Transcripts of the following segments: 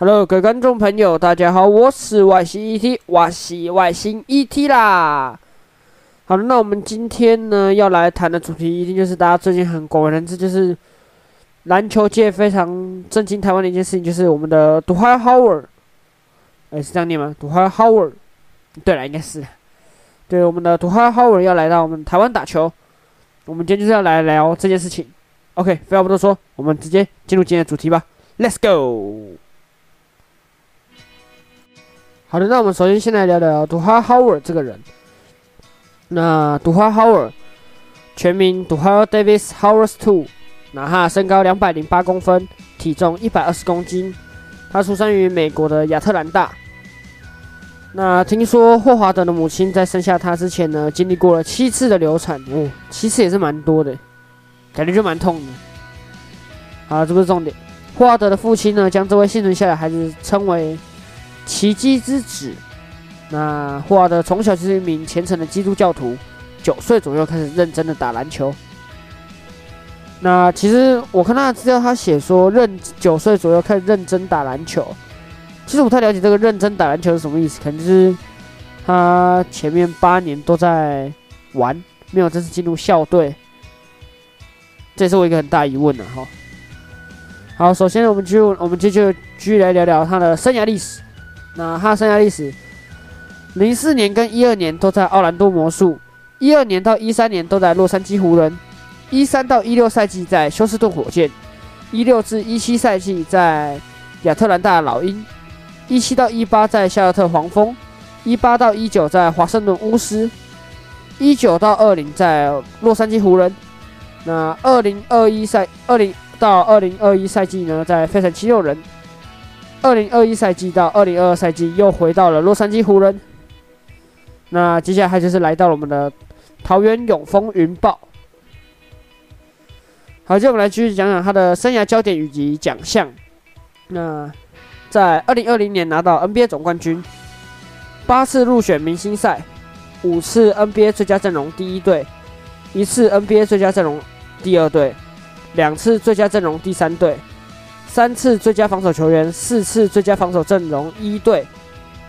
Hello，各位觀眾朋友，大家好，我是外星 ET，我是外星 ET 啦。好了，那我們今天呢要來談的主題，一定就是大家最近很廣為人知，這就是籃球界非常震驚台灣的一件事情，就是我們的 Dwight Howard，哎、欸，是這樣念嗎？Dwight Howard，對了，應該是對我們的 Dwight Howard 要來到我們台灣打球，我們今天就是要來聊這件事情。OK，廢話不多說，我們直接進入今天的主題吧，Let's go。好的，那我們首先先來聊聊 Dwight Howard 這個人。那 Dwight，uh、Howard，全名 Dwight David Howard II，那他身高兩百零八公分，體重一百二十公斤。他出生於美國的亞特蘭大。那聽說霍華德的母親在生下他之前呢，經歷過了七次的流產，哦、欸，七次也是蠻多的、欸，感覺就蠻痛的。好的，這不是重點。霍華德的父親呢，將這位幸存下的孩子稱為奇蹟之子。那霍華德從小就是一名虔誠的基督教徒，九歲左右開始認真的打籃球。那其實我看他的資料他，他寫說認九歲左右開始認真打籃球。其實我不太了解這個認真打籃球是什麼意思，可能就是他前面八年都在玩，沒有正式進入校隊。這也是我一個很大的疑問了哈。好，首先我們就我們就就繼續來聊聊他的生涯歷史。那他生涯歷史，零四年跟一二年都在奧蘭多魔術，一二年到一三年都在洛杉磯湖人，一三到一六賽季在休斯頓火箭，一六至一七賽季在亞特蘭大老鷹，一七到一八在夏洛特黃蜂，一八到一九在華盛頓巫師，一九到二零在洛杉磯湖人，那二零二一賽二零到二零二一賽季呢，在費城七六人。二零二一賽季到二零二二賽季，又回到了洛杉磯湖人。那接下來他就是來到了我們的桃園永豐雲豹。好，接下來我們來繼續講講他的生涯焦點以及獎項。那在二零二零年拿到 NBA 總冠軍，八次入選明星賽，五次 NBA 最佳陣容第一隊，一次 NBA 最佳陣容第二隊，兩次最佳陣容第三隊。三次最佳防守球員，四次最佳防守陣容一隊，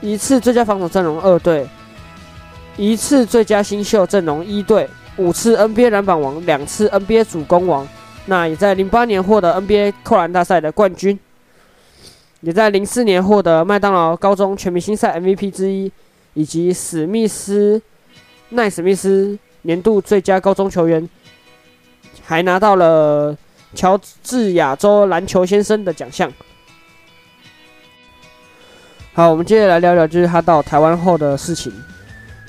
一次最佳防守陣容二隊，一次最佳新秀陣容一隊，五次 NBA 籃板王，兩次 NBA 主攻王。那也在零八年獲得 NBA 扣籃大賽的冠軍，也在零四年獲得麥當勞高中全明星賽 MVP 之一，以及史密斯，奈史密斯年度最佳高中球員，還拿到了，喬治亞洲籃球先生的獎項。好，我們接下來聊聊就是他到台灣後的事情。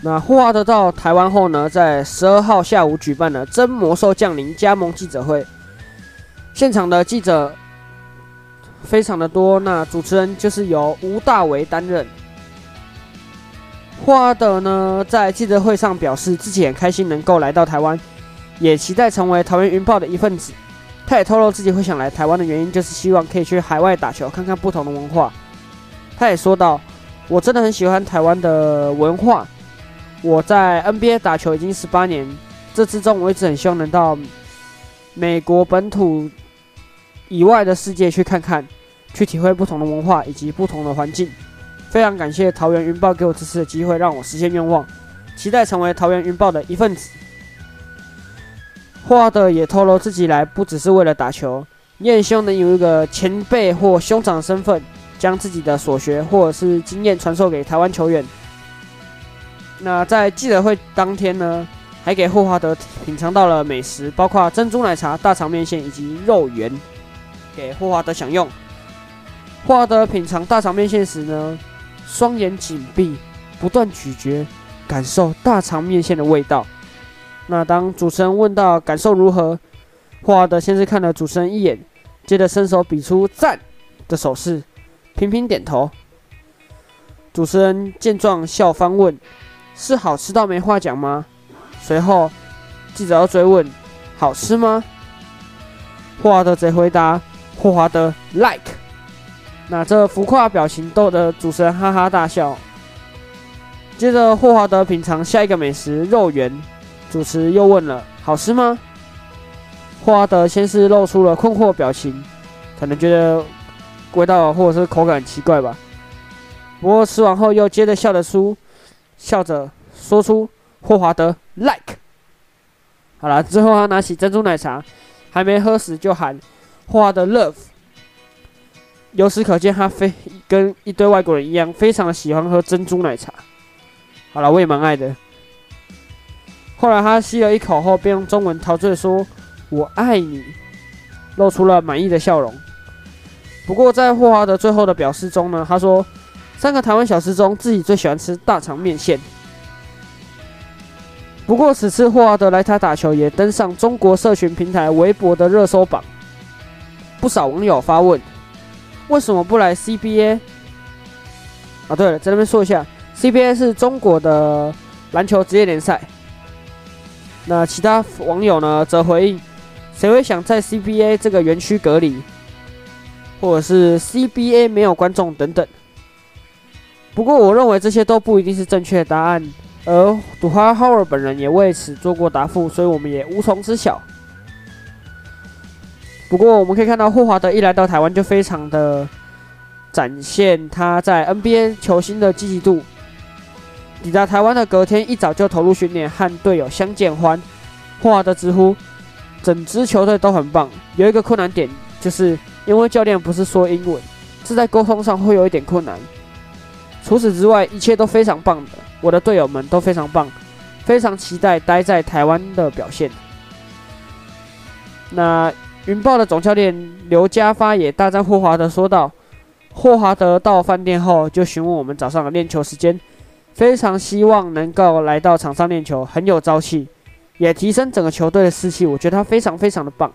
那霍華德到台灣後呢，在十二號下午舉辦了《真魔獸降臨》加盟記者會，現場的記者非常的多。那主持人就是由吳大維擔任。霍華德呢，在記者會上表示自己很開心能夠來到台灣，也期待成為桃園雲豹的一份子。他也透露自己會想來台灣的原因，就是希望可以去海外打球，看看不同的文化。他也說道：“我真的很喜歡台灣的文化。我在 NBA 打球已經十八年，這之中我一直很希望能到美國本土以外的世界去看看，去體會不同的文化以及不同的環境。非常感謝桃園雲豹給我這次的機會，讓我實現願望，期待成為桃園雲豹的一份子。”霍華德也透露自己來不只是為了打球，也希望能有一個前輩或兄長身份，將自己的所學或者是經驗傳授給台灣球員。那在記者會當天呢，還給霍華德品嘗到了美食，包括珍珠奶茶、大腸麵線以及肉圓，給霍華德享用。霍華德品嘗大腸麵線時呢，雙眼緊閉，不斷咀嚼，感受大腸麵線的味道。那當主持人問到感受如何，霍華德先是看了主持人一眼，接着伸手比出讚的手勢，頻頻點頭。主持人見狀笑翻問：“是好吃到沒話講嗎？”隨後記者追問：“好吃嗎？”霍華德則回答：“霍華德 like。”那這浮誇表情逗得主持人哈哈大笑。接着霍華德品嘗下一個美食，肉圓。主持又問了：“好吃嗎？”霍華德先是露出了困惑表情，可能覺得味道或者是口感很奇怪吧。不過吃完後又接着笑着說，笑着說出霍“霍華德 like” 好。好了，之後他拿起珍珠奶茶，還沒喝時就喊“霍華德 love”。由此可見，他非跟一堆外國人一樣，非常喜歡喝珍珠奶茶。好了，我也蠻愛的。後來他吸了一口後，便用中文陶醉地說：“我愛你。”露出了滿意的笑容。不過，在霍華德最後的表示中呢，他說三個台灣小吃中，自己最喜歡吃大腸麵線。不過，此次霍華德來台打球也登上中國社群平台微博的熱搜榜，不少網友發問：“為什麼不來 CBA？” 啊，對了，在這邊說一下，CBA 是中國的籃球職業聯賽。那其他網友呢，則回應：“誰會想在 CBA 這個園區隔離，或者是 CBA 沒有觀眾等等。”不過，我認為這些都不一定是正確答案。而 Dwight Howard 本人也為此做過答覆，所以我們也無從知曉。不過，我們可以看到霍華德一來到台灣就非常的展現他在 NBA 球星的積極度。抵達台灣的隔天一早就投入訓練，和隊友相見歡。霍華德直呼，整支球隊都很棒。有一個困難點，就是因為教練不是說英文，是在溝通上會有一點困難。除此之外，一切都非常棒的，我的隊友們都非常棒，非常期待待，待在台灣的表現。那雲豹的總教練劉家發也大讚霍華德說道：“霍華德到飯店後就詢問我們早上的練球時間。”非常希望能夠來到場上練球，很有朝氣，也提升整個球隊的士氣。我覺得他非常非常的棒，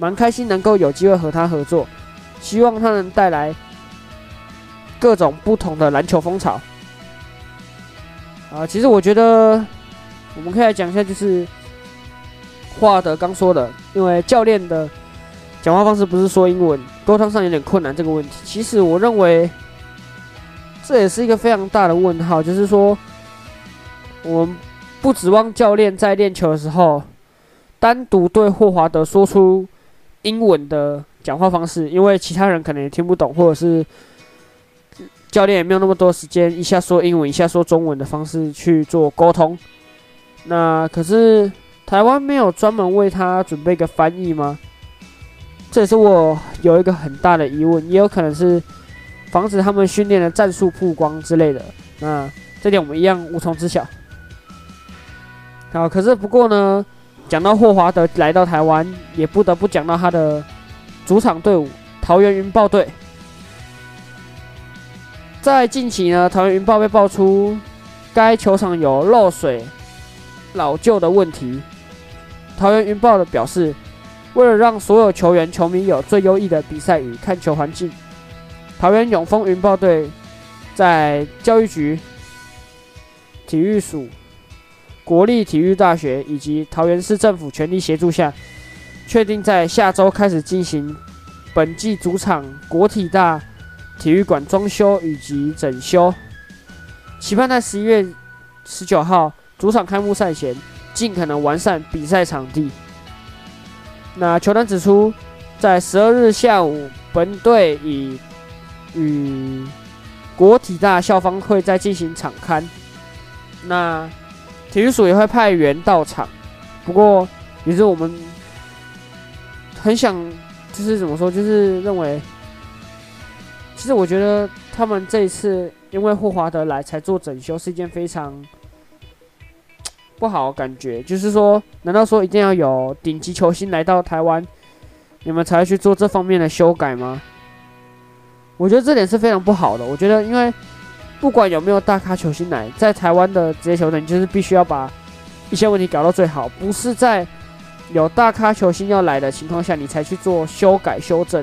蠻開心能夠有機會和他合作。希望他能帶來各種不同的籃球風潮。啊、呃，其實我覺得我們可以來講一下，就是華德剛說的，因為教練的講話方式不是說英文，溝通上有點困難這個問題。其實我認為。這也是一個非常大的問號，就是說，我們不指望教練在練球的時候單獨對霍華德說出英文的講話方式，因為其他人可能也聽不懂，或者是教練也沒有那麼多時間一下說英文，一下說中文的方式去做溝通。那可是台灣沒有專門為他準備一個翻譯嗎？這也是我有一個很大的疑問，也有可能是。防止他們訓練的戰術曝光之類的，那這點我們一樣無從知曉。好，可是不過呢，講到霍華德來到台灣，也不得不講到他的主場隊伍桃園雲豹隊。在近期呢，桃園雲豹被爆出該球場有漏水、老舊的問題。桃園雲豹的表示，為了讓所有球員、球迷有最優異的比賽與看球環境。桃園永豐雲豹隊在教育局、體育署、國立體育大學以及桃園市政府全力協助下，確定在下周開始進行本季主場國體大體育館裝修以及整修，期盼在十一月十九號主場開幕賽前，盡可能完善比賽場地。那球團指出，在十二日下午，本隊以。與國體大校方會再進行場刊，那體育署也會派員到場。不過，也是我們很想，就是怎麼說，就是認為，其實我覺得他們這一次因為霍華德來才做整修，是一件非常不好的感覺。就是說，難道說一定要有頂級球星來到台灣，你們才會去做這方面的修改嗎？我覺得這點是非常不好的。我覺得，因為不管有沒有大咖球星來，在台灣的職業球隊，你就是必須要把一些問題搞到最好，不是在有大咖球星要來的情況下，你才去做修改修正。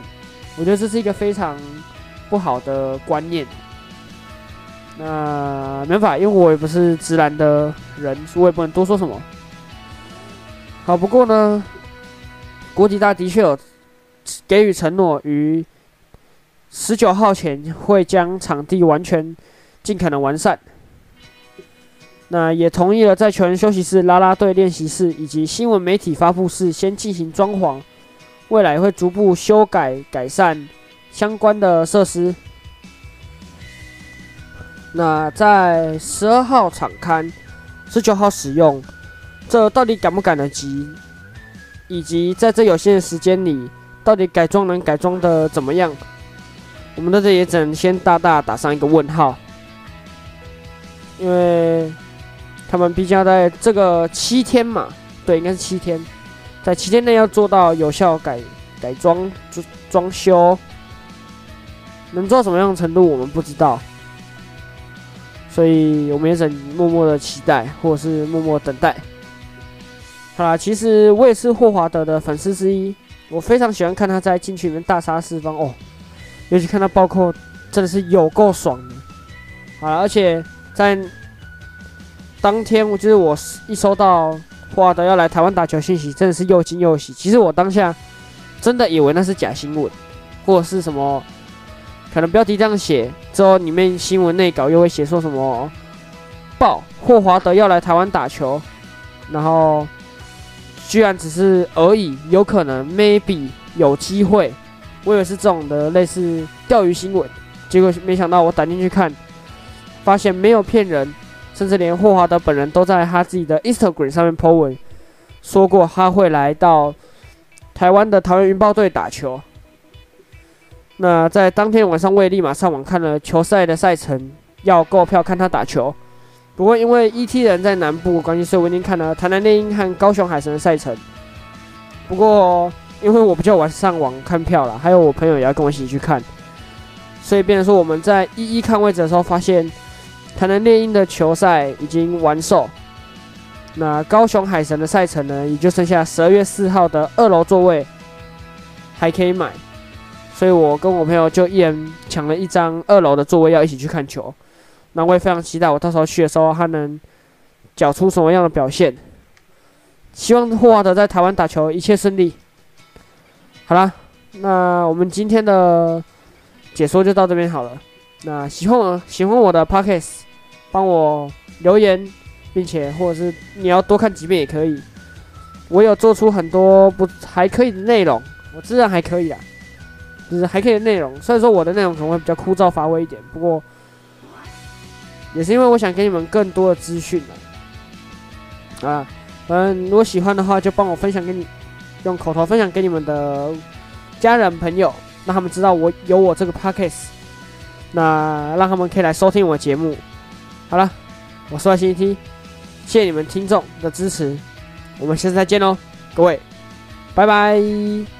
我覺得這是一個非常不好的觀念。那、呃、沒辦法，因為我也不是職籃的人，我也不能多說什麼。好，不過呢，國體大的確有給予承諾與。十九號前會將場地完全盡可能完善，那也同意了在全休息室、啦啦隊練習室以及新聞媒體發布室先進行裝潢，未來會逐步修改改善相關的設施。那在十二號場勘、十九號使用，這到底趕不趕得及？以及在這有限的時間裡，到底改裝能改裝的怎麼樣？我們在這裡也只能先大大打上一個問號，因為他們畢竟要在這個七天嘛，對，應該是七天，在七天內要做到有效改改裝、裝裝修，能做到什麼樣的程度我們不知道，所以我們也只能默默的期待，或者是默默等待。好啦，其實我也是霍華德的粉絲之一，我非常喜歡看他在禁區裡面大殺四方哦。尤其看到暴扣，真的是有夠爽的。好了，而且在當天，我、就是我一收到霍華德要來台灣打球信息，真的是又驚又喜。其實我當下真的以為那是假新聞，或者是什麼可能標題這樣寫之後，裡面新聞內稿又會寫說什麼“爆霍華德要來台灣打球”，然後居然只是而已，有可能 maybe 有機會。我以為是這種的，類似釣魚新聞，結果沒想到我打進去看，發現沒有騙人，甚至連霍華德本人都在他自己的 Instagram 上面 po 文，說過他會來到台灣的桃園雲豹隊打球。那在當天晚上我也立馬上網看了球賽的賽程，要購票看他打球。不過因為 ET 人在南部的關係，所以我已經看了台南獵鷹和高雄海神的賽程。不過。因為我比較晚上網看票啦，還有我朋友也要跟我一起去看，所以變成說我們在一一看位置的時候，發現台南獵鷹的球賽已經完售。那高雄海神的賽程呢，也就剩下十二月四號的二樓座位還可以買，所以我跟我朋友就一人搶了一張二樓的座位，要一起去看球。那我也非常期待，我到時候去的時候，他能繳出什麼樣的表現。希望霍華德在台灣打球一切順利。好啦，那我們今天的解說就到這邊好了。那喜歡我喜歡我的 Podcast，幫我留言，並且或者是你要多看幾遍也可以。我有做出很多不還可以的內容，我自然還可以啊，就是還可以的內容。雖然說我的內容可能會比較枯燥乏味一點，不過也是因為我想給你們更多的資訊啊，啊，嗯，如果喜歡的話就幫我分享給你。用口頭分享給你們的家人朋友，讓他們知道我有我這個 podcast，那讓他們可以來收聽我的節目。好了，我是 ET，謝謝你們聽眾的支持，我們下次再見嘍，各位，拜拜。